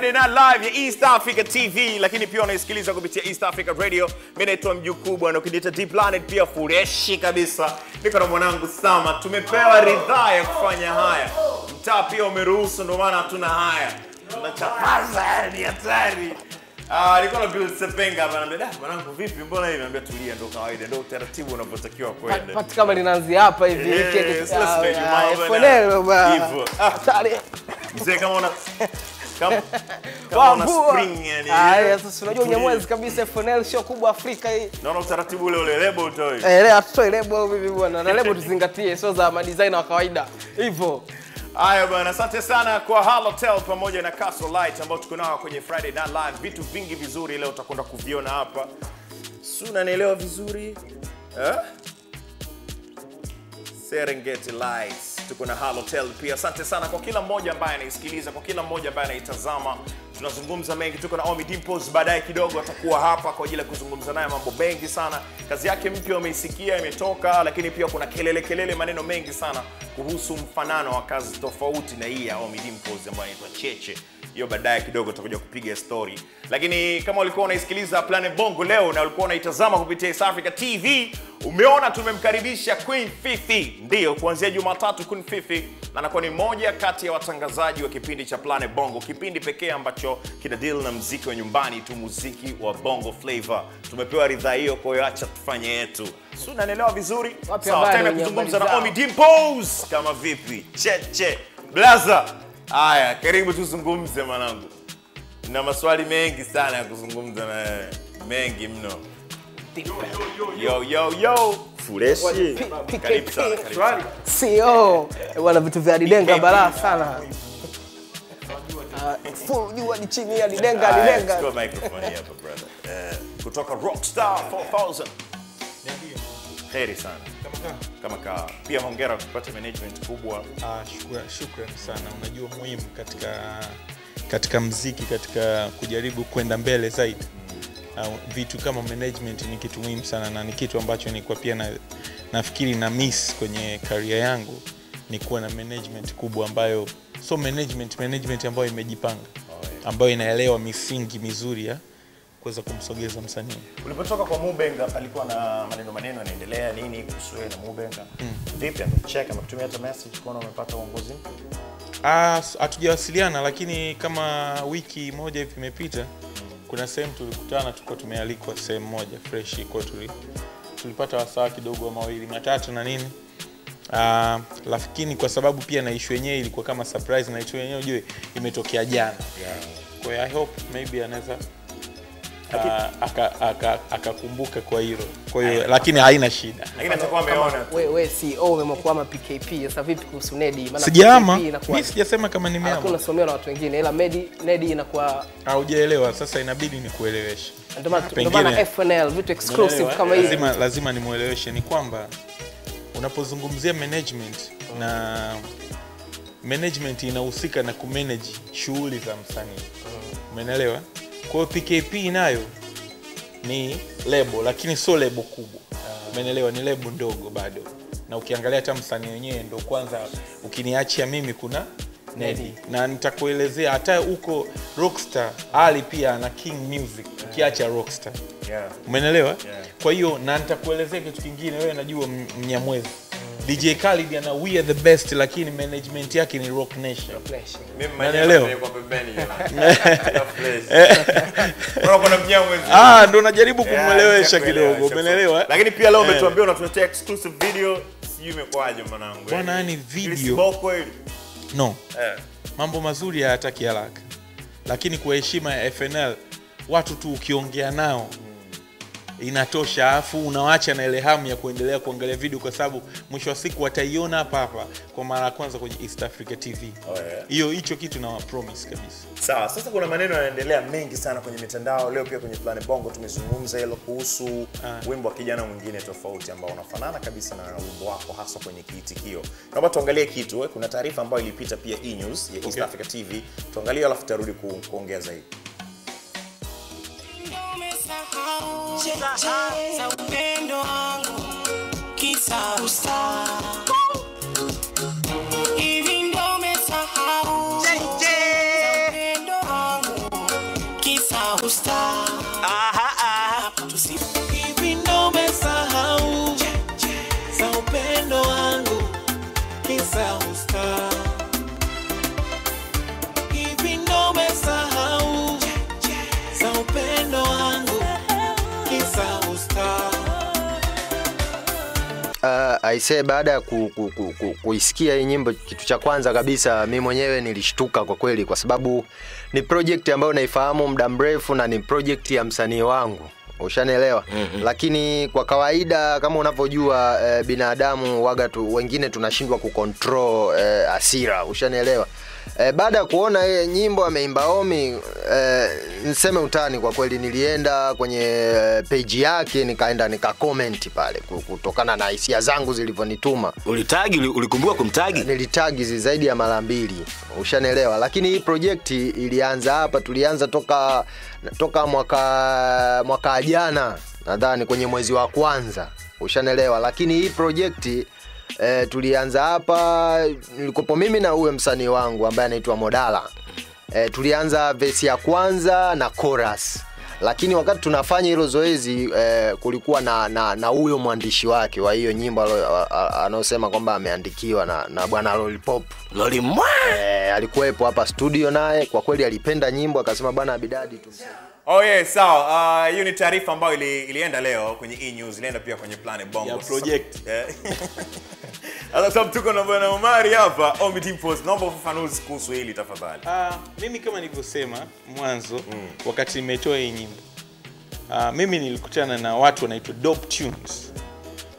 Friday Night Live ya East Africa TV, lakini pia unaisikiliza kupitia East Africa Radio. Mimi naitwa Mjukuu na ukiniita Deep Planet pia fureshi kabisa. Niko na mwanangu Sama, tumepewa ridhaa ya kufanya haya. Mtaa pia umeruhusu, ndio maana hatuna haya. Tunachapaza ni hatari. Ah, nilikuwa na Bill Sepenga hapa anambia, "Da, mwanangu vipi? Mbona hivi?" Anambia, "Tulia, ndio kawaida, ndio utaratibu unapotakiwa kwenda." Pati kama ninaanzia hapa hivi, Eh, sasa ndio ah, Jumaa bwana. Hivyo. Mzee kama una kama, una spring yani. Ah, sasa unajua Unyamwezi kabisa FNL sio kubwa Afrika hii. Naona utaratibu ule ule lebo utoi. Eh, lebo tutoi lebo vipi bwana. Na lebo tuzingatie sio za ma wa kawaida. Hivyo. Haya bwana, asante sana kwa Halotel pamoja na Castle Light ambao tuko nao kwenye Friday Night Live. Vitu vingi vizuri leo utakwenda kuviona hapa. Si unanielewa vizuri? Eh? Serengeti Lights tuko na Halotel pia. Asante sana kwa kila mmoja ambaye anaisikiliza, kwa kila mmoja ambaye anaitazama tunazungumza mengi. Tuko na Omi Dimples, baadaye kidogo atakuwa hapa kwa ajili ya kuzungumza naye mambo mengi sana. Kazi yake mpya wameisikia imetoka, lakini pia kuna kelele kelele, maneno mengi sana kuhusu mfanano wa kazi tofauti na hii ya Omi Dimples ambayo inaitwa Cheche hiyo baadaye kidogo tutakuja kupiga story lakini kama ulikuwa unaisikiliza planet bongo leo na ulikuwa unaitazama kupitia East africa tv umeona tumemkaribisha queen fifi ndiyo kuanzia jumatatu queen fifi na anakuwa ni moja kati ya watangazaji wa kipindi cha planet bongo kipindi pekee ambacho ambacho kina deal na mziki wa nyumbani tu, muziki wa bongo flavor. Tumepewa ridhaa hiyo, kwa hiyo acha tufanye yetu. Si unanielewa vizuri? Sawa, time kuzungumza na Ommy Dimpoz. Kama vipi? Cheche blaza. Haya, karibu tuzungumze mwanangu, na maswali mengi sana ya kuzungumza na wewe, mengi mno. Yo, yo, yo. Fuleshi, karibu sana, karibu sana. Sio, wana vitu vya didenga balaa sana full juu hadi chini, alidenga alidenga. Ah, chukua microphone hapa brother. Uh, kutoka Rockstar 4000. Heri sana kama ka. Pia hongera kupata management kubwa. Ah, shukra, shukran sana. Unajua muhimu katika katika mziki, katika kujaribu kwenda mbele zaidi. Uh, vitu kama management ni kitu muhimu sana na ni kitu ambacho nilikuwa pia na, nafikiri na miss kwenye karia yangu ni kuwa na management kubwa ambayo so management management ambayo imejipanga oh, ambayo inaelewa misingi mizuri ya kuweza kumsogeza msanii. Ulipotoka kwa Mubenga alikuwa na maneno maneno yanaendelea nini kuhusu na Mubenga? Mm. Vipi na kutumia hata message kuona umepata uongozi Ah, hatujawasiliana lakini kama wiki moja hivi imepita kuna sehemu tulikutana, tuko tumealikwa sehemu moja fresh, kwa tuli tulipata wasaa kidogo mawili matatu na nini Uh, ah, lakini kwa sababu pia na ishu yenyewe ilikuwa kama surprise na ishu yenyewe ujue imetokea jana. Kwa hiyo I hope maybe anaweza ah, akakumbuka kwa hilo. Kwa hiyo lakini haina shida. Lakini atakuwa Wewe PKP. E Sasa Nedi? sijaama. Mimi sijasema kama nimeama. na watu wengine Nedi inakuwa Sasa inabidi nikueleweshe. Ndio maana FNL vitu exclusive kama Lazima lazima ni kwamba unapozungumzia management mm. na management inahusika na kumanage shughuli za msanii mm-hmm. umeelewa mm. kwa pkp nayo ni lebo lakini sio lebo kubwa ah. umeelewa ni lebo ndogo bado na ukiangalia hata msanii wenyewe ndo kwanza ukiniachia mimi kuna Nedi, na nitakuelezea hata huko Rockstar Ali pia na King Music ukiacha yeah. Rockstar yeah. Umenelewa? yeah. kwa hiyo na nitakuelezea kitu kingine, wewe najua Mnyamwezi DJ Khaled ana we are the best lakini management yake ni Rock Nation. Mimi kwa pembeni Unanielewa? Ah, ndo najaribu kumuelewesha kidogo. Umeelewa? Lakini pia leo eh. umetuambia unatuletea exclusive video, sijui imekwaje mwanangu. Bwana ni video. Ili siboko no eh. Mambo mazuri hayataki haraka, lakini kwa heshima ya FNL watu tu ukiongea nao inatosha, afu unawacha na ile hamu ya kuendelea kuangalia video, kwa sababu mwisho wa siku wataiona hapa hapa kwa mara ya kwanza kwenye East Africa TV. Hiyo oh, yeah. hicho kitu na promise kabisa. Sawa, sasa kuna maneno yanaendelea mengi sana kwenye mitandao leo, pia kwenye Plan Bongo tumezungumza hilo kuhusu ah. wimbo wa kijana mwingine tofauti ambao unafanana kabisa na wimbo wako hasa kwenye kiitikio. Naomba tuangalie kitu, eh, kuna taarifa ambayo ilipita pia E News ya East okay. Africa TV, tuangalie alafu tarudi kuongea zaidi. shit, shit. aisee, baada ya ku, ku, ku, ku, kuisikia hii nyimbo, kitu cha kwanza kabisa mi mwenyewe nilishtuka kwa kweli, kwa sababu ni project ambayo naifahamu muda mrefu na ni project ya msanii wangu ushanielewa mm-hmm. lakini kwa kawaida kama unavyojua e, binadamu waga tu, wengine tunashindwa kucontrol e, eh, asira ushanielewa E, baada ya kuona ile nyimbo ameimba Omi e, niseme utani kwa kweli, nilienda kwenye eh, peji yake nikaenda comment pale kutokana na hisia zangu zilivyonituma. Ulitagi, ulikumbuka kumtagi? Nilitagi zaidi ya mara mbili, ushanelewa Lakini hii project ilianza hapa, tulianza toka toka mwaka mwaka jana nadhani kwenye mwezi wa kwanza, ushanelewa Lakini hii projekti e, tulianza hapa nilikopo mimi na huyo msanii wangu ambaye anaitwa Modala e, tulianza vesi ya kwanza na chorus lakini wakati tunafanya hilo zoezi eh, kulikuwa na na, na huyo mwandishi wake wa hiyo nyimbo anaosema kwamba ameandikiwa na, na bwana Lollipop Lolimwa eh, alikuwepo hapa studio naye kwa kweli alipenda nyimbo akasema bwana Abidadi tumsaidie Oh yeah, sawa. So, ah, hiyo ni taarifa ambayo ili, ilienda leo kwenye e news, ilienda pia kwenye Planet Bongo. Yeah, project. Sasa sababu tuko na bwana Omari hapa, Ombi Team Force, naomba ufafanuzi kuhusu hili tafadhali. Uh, mimi kama nilivyosema mwanzo mm. wakati nimetoa hii nyimbo. Uh, mimi nilikutana na watu wanaitwa Dope Tunes.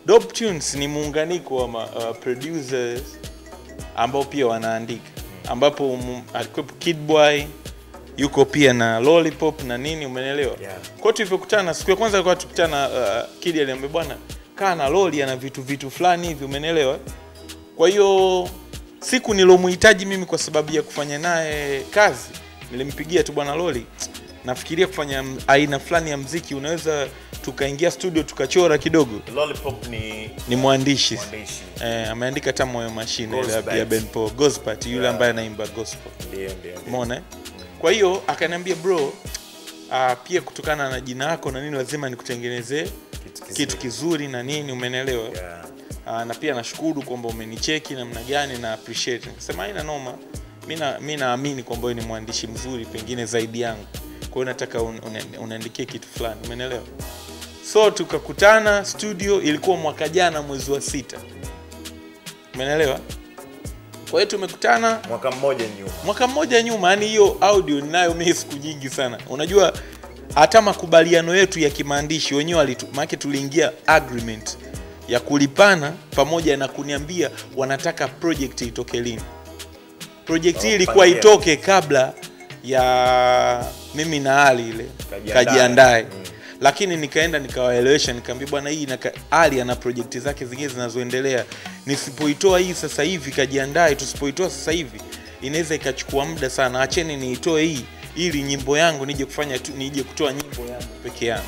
Dope Tunes ni muunganiko wa uh, producers ambao pia wanaandika ambapo alikuwa Kid Boy, yuko pia na Lollipop na nini, umenelewa Yeah. Kwa tulivyokutana siku ya kwanza kwa tukutana, uh, Kidi aliambia bwana, kaa na loli ana vitu vitu fulani hivi, umenelewa Kwa hiyo siku nilomhitaji mimi kwa sababu ya kufanya naye kazi, nilimpigia tu bwana loli nafikiria kufanya aina fulani ya mziki, unaweza tukaingia studio tukachora kidogo. Lollipop ni, ni mwandishi, Eh, ameandika hata Moyo Mashine ya benpo Paul Gospel, yule ambaye anaimba gospel. Ndio ndio. Umeona? Eh? kwa hiyo akaniambia bro uh, pia kutokana na jina yako na nini lazima nikutengenezee kitu, kizuri. kitu kizuri na nini umenelewa yeah. uh, na pia nashukuru kwamba umenicheki namna gani na appreciate nikasema noma mi naamini kwamba ni mwandishi mzuri pengine zaidi yangu kwa hiyo nataka un, un, kitu fulani umenelewa so tukakutana studio ilikuwa mwaka jana mwezi wa sita umenelewa kwa hiyo tumekutana mwaka mmoja nyuma, mwaka mmoja nyuma. Yani hiyo audio ninayo mimi siku nyingi sana, unajua hata makubaliano yetu ya kimaandishi wenyewe walitu, maana tuliingia agreement ya kulipana pamoja na kuniambia wanataka project itoke lini. Project hii ilikuwa itoke kabla ya mimi na Ali ile kajiandae, kajiandae. Mm lakini nikaenda nikawaelewesha, nikaambia bwana, hii Ali ana projekti zake zingine zinazoendelea, nisipoitoa hii sasa hivi kajiandae, tusipoitoa sasa hivi inaweza ikachukua muda sana, acheni niitoe hii ili nyimbo yangu nije kufanya tu, nije kutoa nyimbo yangu peke yangu.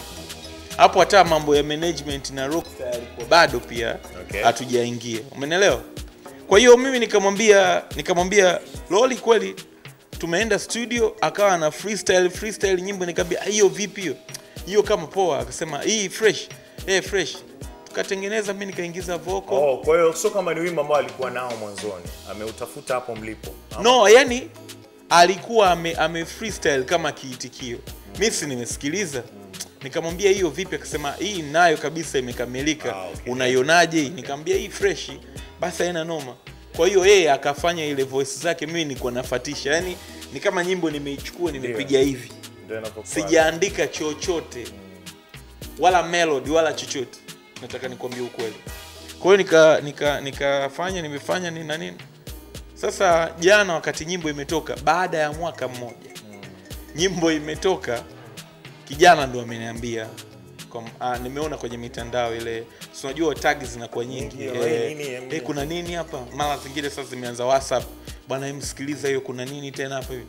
Hapo hata mambo ya management na rockstar yalikuwa bado pia hatujaingia, okay. Umenelewa? Kwa hiyo mimi nikamwambia nikamwambia Loli, kweli tumeenda studio, akawa na freestyle freestyle nyimbo, nikamwambia hiyo vipi hiyo? hiyo kama poa, akasema hii fresh eh, fresh tukatengeneza, mimi nikaingiza voko. Oh, kwa hiyo sio kama ni wimbo ambao alikuwa nao mwanzoni, ameutafuta hapo mlipo ama? No, yani alikuwa ame, ame freestyle kama kiitikio. Mimi si nimesikiliza nikamwambia hiyo vipi, akasema hii nayo kabisa imekamilika. Ah, okay. Unaionaje? Nikamwambia hii freshi, basi haina noma. Kwa hiyo yeye akafanya ile voice zake, mimi nilikuwa nafatisha, yani ni kama nyimbo nimeichukua nimepiga hivi sijaandika chochote wala melody wala chochote nataka nikwambie ukweli kwa hiyo nikafanya nika, nika nimefanya nini na nini sasa jana wakati nyimbo imetoka baada ya mwaka mmoja mm. nyimbo imetoka kijana ndo ameniambia ah, nimeona kwenye mitandao ile unajua tag zinakuwa nyingi yeah, eh, nini, eh, kuna nini hapa mara zingine sasa zimeanza whatsapp bwana msikiliza hiyo kuna nini tena hapa hivi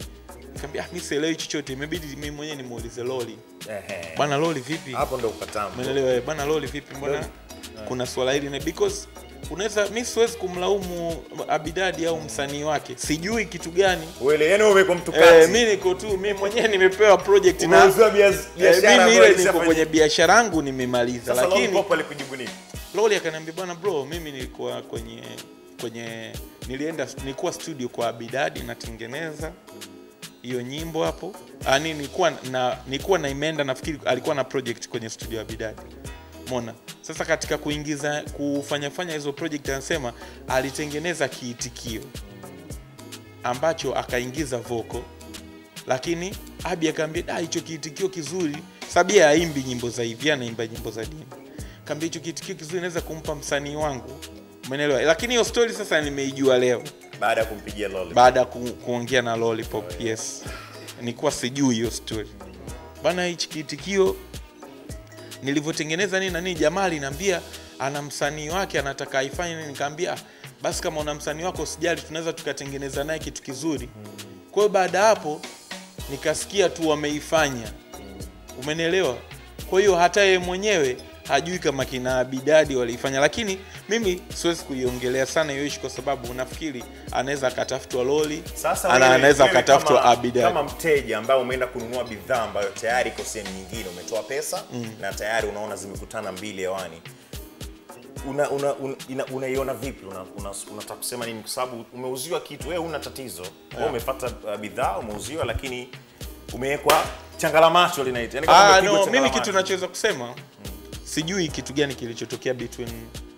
nikamwambia mimi ah, sielewi chochote, imebidi mimi mwenyewe nimuulize Loli. Ehe. Bwana Loli vipi? Hapo ndo ukatamu. Umeelewa? Eh, bwana Loli vipi? Mbona eh. kuna swala hili na because unaweza mi siwezi kumlaumu Abidadi au msanii wake, sijui kitu gani wele, yani wewe uko mtukati. kati. E, eh, mimi niko tu mimi mwenyewe nimepewa project na biashara, mimi ile niko kwenye biashara yangu nimemaliza, lakini Loli alikujibu nini? Loli akaniambia bwana, bro, mimi nilikuwa kwenye kwenye nilienda nilikuwa studio kwa Abidadi natengeneza mm hiyo nyimbo hapo ani ah, nilikuwa na nilikuwa na imenda nafikiri alikuwa na project kwenye studio ya Bidadi mona sasa katika kuingiza kufanyafanya hizo project anasema alitengeneza kiitikio ambacho akaingiza voko lakini abi akaambia da hicho kiitikio kizuri sabia aimbi nyimbo za hivi anaimba nyimbo za dini kaambia hicho kiitikio kizuri naweza kumpa msanii wangu umeelewa lakini hiyo story sasa nimeijua leo baada ya kumpigia Lollipop, baada ya ku, kuongea na Lollipop. Oh, yes, nilikuwa sijui hiyo story bana. Hichi kitikio nilivyotengeneza nini na nini, jamaa linaambia ana msanii wake anataka aifanye, nikaambia basi kama una msanii wako usijali, tunaweza tukatengeneza naye kitu kizuri. Kwa hiyo baada ya hapo nikasikia tu wameifanya, umenelewa Kwa hiyo hata yeye mwenyewe hajui kama kina Abidadi waliifanya, lakini mimi siwezi kuiongelea sana hiyo kwa sababu nafikiri anaweza akatafutwa Loli, anaweza akatafutwa Abidadi. Kama mteja ambaye umeenda kununua bidhaa ambayo tayari iko sehemu nyingine, umetoa pesa mm. na tayari unaona zimekutana mbili hewani unaiona una, una, una, vipi? Unataka una, una kusema nini? Kwa sababu umeuziwa kitu wewe, una tatizo yeah. Umepata uh, bidhaa umeuziwa, lakini umewekwa changalamacho linaita yaani ah, no, mimi kitu nachoweza kusema mm sijui kitu gani kilichotokea between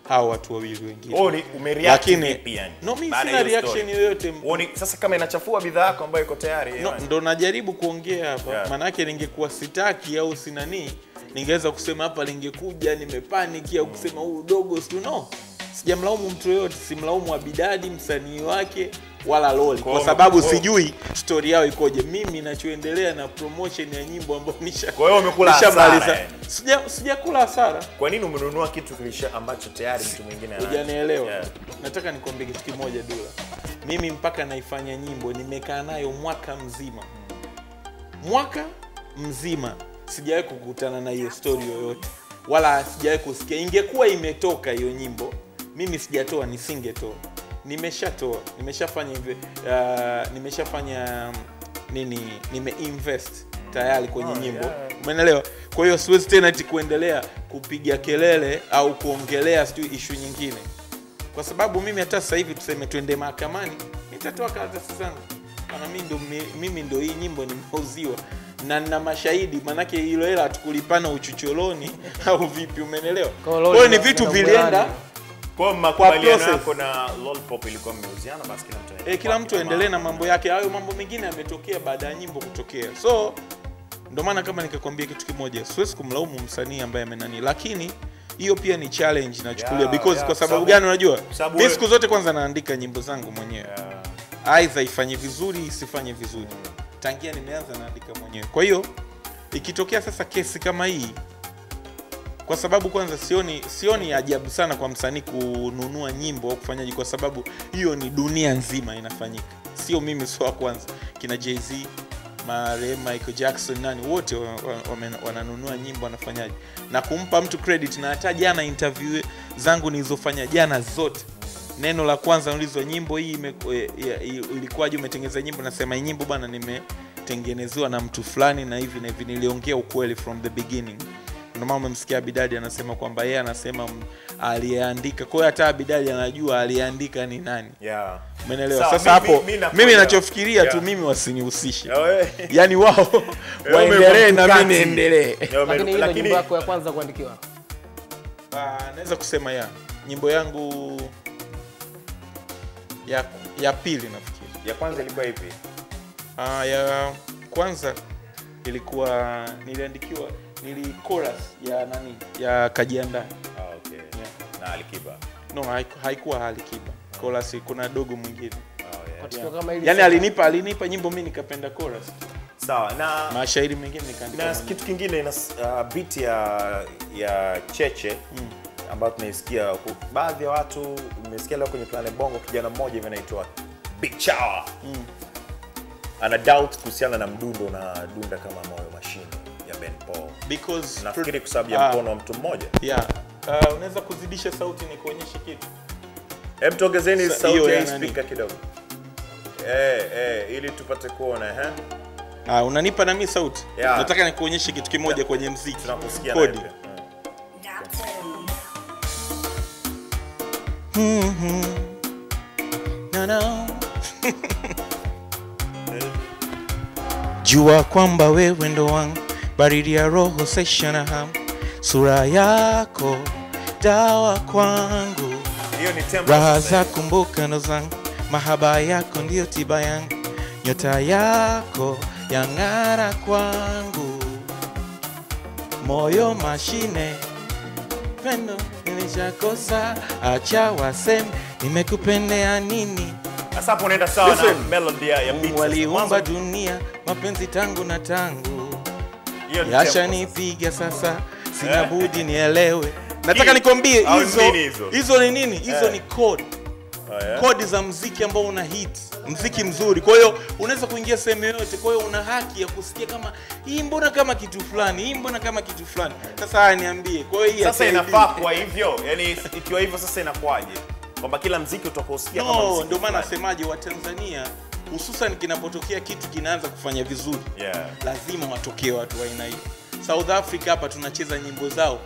hao watu wawili wengine. Wewe vipi yani? No, mimi sina reaction yoyote. sasa kama inachafua bidhaa yako ambayo iko tayari. No, ndo najaribu kuongea hapa. Yeah. Maana yake ningekuwa sitaki au sinanii ningeweza kusema hapa lingekuja nimepaniki au kusema huu udogo sio no. Sijamlaumu mtu yoyote, simlaumu Abidadi msanii wake wala loli kwa, kwa sababu kwa... sijui stori yao ikoje. Mimi nachoendelea na promotion ya nyimbo ambayo nisha kwa hiyo umekula hasara eh. Sija sijakula hasara. Kwa nini umenunua kitu kilisha ambacho tayari mtu mwingine anacho? Hujanielewa. Yeah. Nataka nikwambie kitu kimoja Dula, mimi mpaka naifanya nyimbo nimekaa nayo mwaka mzima, mwaka mzima sijawahi kukutana na hiyo stori yoyote, wala sijawahi kusikia. Ingekuwa imetoka hiyo nyimbo, mimi sijatoa, nisingetoa nimeshatoa nimeshafanya hivi uh, nimeshafanya um, nini nimeinvest tayari kwenye oh, nyimbo yeah. umeelewa kwa hiyo siwezi tena ti kuendelea kupiga kelele au kuongelea sijui ishu nyingine kwa sababu mimi hata sasa hivi tuseme twende mahakamani nitatoa karatasi zangu maana mimi ndo, mimi ndo hii nyimbo nimeuziwa na na mashahidi manake hilo hela hatukulipana uchucholoni au vipi umeelewa kwa hiyo ni vitu vilienda kwa ilikuwa basi eh, kila mtu kila mtu aendelee na mambo yake. Hayo mambo mengine yametokea baada ya nyimbo kutokea. So ndo maana kama nikakwambia kitu kimoja, siwezi kumlaumu msanii ambaye amenani, lakini hiyo pia ni challenge nachukulia yeah, because yeah, kwa sababu gani? Unajua mimi siku zote kwanza naandika nyimbo zangu mwenyewe yeah. Aidha ifanye vizuri isifanye vizuri, mm. tangia nimeanza naandika mwenyewe. Kwa hiyo ikitokea sasa kesi kama hii kwa sababu kwanza sioni sioni ajabu sana kwa msanii kununua nyimbo au kufanyaji, kwa sababu hiyo ni dunia nzima inafanyika, sio mimi sio kwanza. Kina jz Michael Jackson, nani wote wananunua nyimbo, wanafanyaji na kumpa mtu credit. Na hata jana interview zangu nilizofanya jana zote neno la kwanza ulizwa nyimbo hii e, e, ilikuwaje, umetengeneza nyimbo? Nasema nyimbo bana, nimetengenezewa na mtu fulani na hivi na hivi, niliongea ukweli from the beginning ndio maana umemsikia Bidadi anasema kwamba yeye anasema aliyeandika. Kwa hiyo hata Bidadi anajua aliyeandika ni nani. Yeah. Umeelewa? Sasa hapo mi, mi, mimi ninachofikiria yeah. tu mimi wasinihusishe. Yaani wao waendelee na mimi niendelee. Lakini ile nyimbo yako ya kwanza kuandikiwa. Ah, naweza kusema ya nyimbo yangu ya ya pili nafikiri. Ya kwanza ilikuwa ipi? Ah, ya kwanza ilikuwa niliandikiwa nili chorus ya nani ya Ah, okay. Yeah. Na Alikiba? No, haikuwa Alikiba. Chorus kuna dogo mwingine. Oh, yeah. Yeah. Yaani alinipa alinipa nyimbo mimi nikapenda chorus. Sawa. Na mashairi mengine nikaandika. Na kitu kingine na uh, ah, beat ya ya Cheche mm ambayo tunaisikia baadhi ya watu umesikia leo kwenye plane Bongo kijana mmoja hivi anaitwa bichawa Mm. Ana doubt kuhusiana na mdundo na dunda kama moyo Ben Paul. Because nafikiri kwa sababu ya ah. mkono wa mtu mmoja. Yeah. Uh, unaweza kuzidisha sauti ni kuonyesha kitu. Hem, tuongezeni sauti ya speaker kidogo. Eh, eh, ili tupate kuona eh. Ah, unanipa na mimi sauti. Yeah. Nataka nikuonyeshe kitu kimoja yeah. kwenye mziki. Tunakusikia kodi. Mm -hmm. Mm-hmm. Jua kwamba wewe ndo wangu baridi ya roho sesha na sura yako dawa kwangu raha za kumbukano zangu mahaba yako ndiyo tiba yangu nyota yako yang'ara kwangu moyo mashine pendo nilishakosa acha waseme nimekupendea nini ya beat waliumba dunia mapenzi tangu na tangu yashanipiga sasa, eh. sina budi nielewe. Nataka nikwambie hizo hizo ni nini? Hizo eh. ni kodi ah, eh. kodi za mziki ambao una hit mziki mzuri. Kwa hiyo unaweza kuingia sehemu yoyote, kwa hiyo una haki ya kusikia kama hii mbona kama kitu fulani, hii mbona kama kitu fulani. Sasa haya niambie, kwa hiyo sasa inafaa kwa hivyo, yani ikiwa hivyo sasa inakuwaje? Kwamba kila mziki utakusikia no, kama mziki. Ndio maana nasemaje, Watanzania hususan kinapotokea kitu kinaanza kufanya vizuri yeah. lazima watokee watu aina hiyo south africa hapa tunacheza nyimbo zao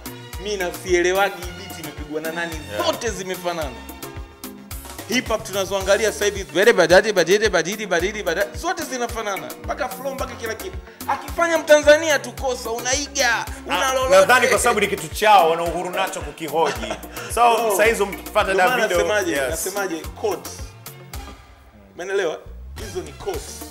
mi nasielewagi ibiti imepigwa na nani yeah. zote zimefanana hip hop tunazoangalia sahivi badadi badidi badidi zote zinafanana mpaka flow mpaka kila kitu akifanya mtanzania tukosa unaiga ah, unalolote kwa sababu ni kitu chao wana uhuru nacho kukihoji so oh. saizo mkipata yes hizo ni chords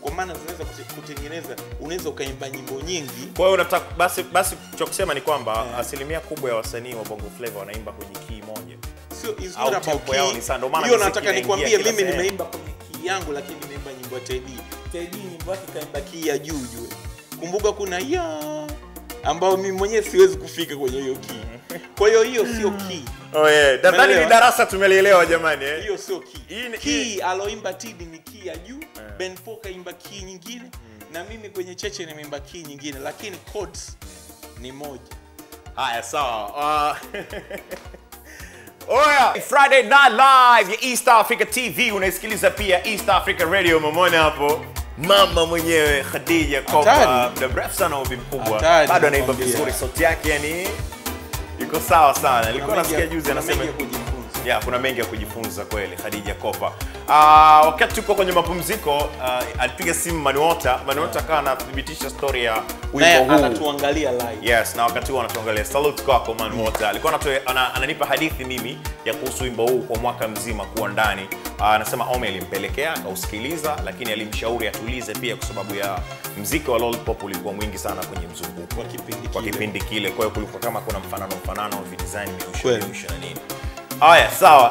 kwa maana zinaweza kutengeneza unaweza ukaimba nyimbo nyingi kwa hiyo unataka basi basi cha kusema ni kwamba yeah. asilimia kubwa ya wasanii wa bongo Flava wanaimba kwenye key moja sio is not about key hiyo nataka nikwambie mimi nimeimba kwenye key yangu lakini nimeimba nyimbo ya Teddy Teddy nyimbo yake kaimba key ya juu juu kumbuka kuna ya ambao mimi mwenyewe siwezi kufika kwenye hiyo key mm -hmm kwa hiyo hiyo sio ah. key. Oh yeah. Nadhani ni darasa tumelielewa jamani eh. Hiyo sio key. In, key in... aloimba Tidi ni key ya juu, yeah. Ben Foka imba key nyingine mm. na mimi kwenye cheche nimeimba key nyingine lakini chords ni moja. Haya sawa. Uh... Ah. Oya, oh, Friday Night Live ya East Africa TV unaisikiliza pia East Africa Radio. Umemwona hapo mama mwenyewe Khadija Kopa, muda mrefu sana, uvi mkubwa, bado anaimba vizuri, sauti yake yani Iko sawa sana, nilikuwa nasikia juzi anasema Yeah, kuna mengi ya kujifunza kweli Khadija Kopa. Uh, wakati tuko kwenye mapumziko uh, alipiga simu Manuota, Manuota akawa anathibitisha story ya wimbo huu. Anatuangalia live. Yes, na wakati huo anatuangalia. Salute kwako Manuota. Alikuwa mm. anatoa ananipa hadithi mimi ya kuhusu wimbo huu kwa mwaka mzima kuwa ndani. Ah, anasema uh, Ome alimpelekea akausikiliza, lakini alimshauri atulize pia kwa sababu ya mziki wa Lollipop ulikuwa mwingi sana kwenye mzunguko kwa kipindi kile. Kwa hiyo kulikuwa kama kuna mfanano mfanano wa design mishu, mishu na nini. Haya, sawa.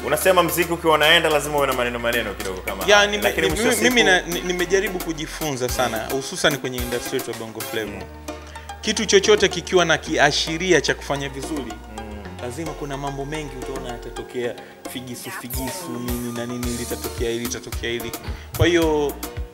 Uh, unasema mziki ukiwa unaenda lazima uwe na maneno maneno kidogo kama ya, nime, nime, siku... mimi nimejaribu kujifunza sana hususan kwenye industry yetu ya Bongo Flava. Mm. Kitu chochote kikiwa na kiashiria cha kufanya vizuri mm. lazima kuna mambo mengi utaona yatatokea figisu figisu nini na nini litatokea hili litatokea hili. Kwa hiyo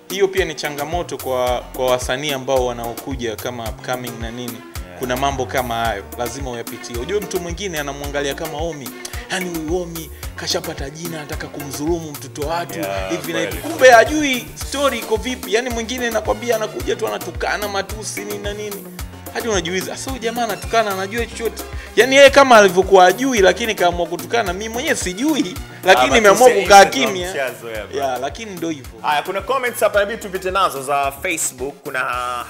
hiyo pia ni changamoto kwa kwa wasanii ambao wanaokuja kama upcoming na nini kuna mambo kama hayo lazima uyapitie. Ujue mtu mwingine anamwangalia kama Omi, yani huyu Omi kashapata jina, anataka kumdhulumu mtoto watu hivi yeah, na kumbe hajui story iko vipi. Yani mwingine nakwambia, anakuja tu anatukana matusi nini na nini hadi unajiuliza sasa huyu jamaa anatukana anajua chochote yani yeye kama alivyokuwa ajui lakini kaamua kutukana mimi mwenyewe sijui lakini nimeamua kukaa kimya ya lakini ndio hivyo haya kuna comments hapa inabidi tupite nazo za facebook kuna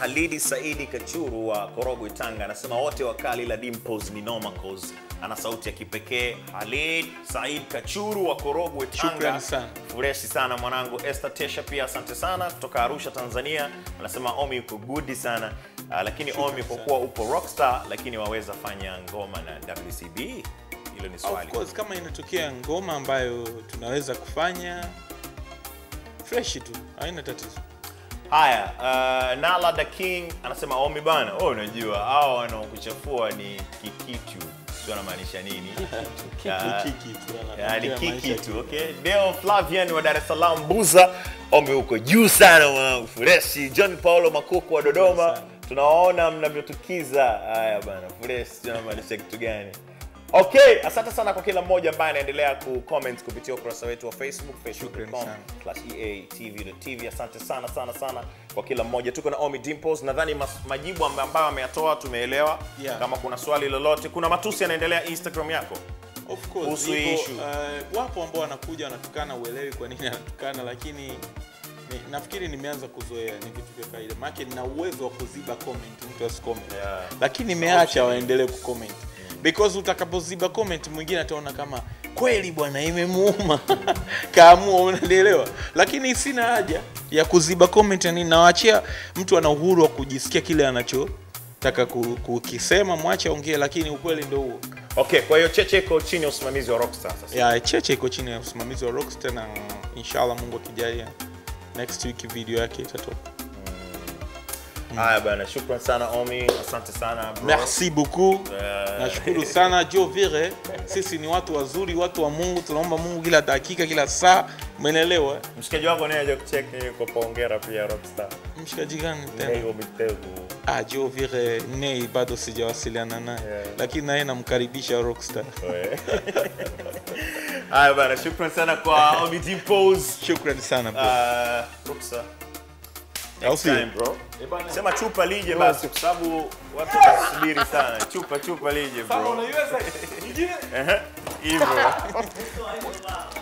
Halidi Saidi Kachuru wa Korogwe Tanga anasema wote wakali la Dimples ni noma cause ana sauti ya kipekee Halid Said Kachuru wa Korogwe Tanga freshi sana mwanangu Esther Tesha pia asante sana kutoka Arusha Tanzania anasema Omi good sana Uh, lakini Omi kwa kuwa upo rockstar, lakini waweza fanya ngoma na WCB? Hilo ni swali. Of course, kama inatokea ngoma ambayo tunaweza kufanya fresh tu, haina tatizo. Haya, uh, Nala the King anasema Omi bana, oh, unajua hao wanaokuchafua ni kikitu sio anamaanisha nini? Ni kiki uh, Okay. Deo Flavian wa Dar es Salaam Buza, Omi huko juu sana mwanangu, freshi. John Paulo Makuku wa Dodoma tunaona mnavyotukiza. Haya bana, Forest anamaanisha kitu gani? Okay, asante sana kwa kila mmoja ambaye anaendelea kucomment kupitia ukurasa wetu wa Facebook facebook.com/eatv.tv. Asante sana sana sana kwa kila mmoja. Tuko na Omi Dimples, nadhani majibu ambayo ameyatoa tumeelewa. Yeah. Kama kuna swali lolote, kuna matusi yanaendelea Instagram yako of course, kuhusu issue. Uh, wapo ambao wanakuja wanatukana, uelewi kwa nini anatukana, lakini ni, nafikiri nimeanza kuzoea, ni vitu vya kawaida, maake nina uwezo wa kuziba comment, mtu asicomment yeah. Lakini nimeacha waendelee kucomment because utakapoziba comment mwingine ataona kama kweli bwana imemuuma kaamua, unalielewa Lakini sina haja ya kuziba comment ni nawachia mtu ana uhuru wa kujisikia kile anacho taka kukisema, mwache ongee lakini ukweli ndo huo. Okay, kwa hiyo Cheche iko chini ya usimamizi wa Rockstar sasa. Yeah, Cheche iko chini ya usimamizi wa Rockstar na inshallah Mungu akijalia next week video yake itatoka mm. haya mm. bana shukran sana omi asante sana bro. merci beaucoup yeah. nashukuru sana jo vire sisi ni watu wazuri watu wa mungu tunaomba mungu kila dakika kila saa umenelewa eh? mshikaji wako naye aja kuchek kwa pongera pia rockstar mshikaji gani tena ah jo vire nei bado sijawasiliana naye yeah. lakini naye namkaribisha rockstar Haya ah, bana, shukran sana kwa Omid Pose. sana bro. Ah, eh, Sema chupa lije basi kwa sababu watu wasubiri sana. Chupa chupa lije bro. Hivyo.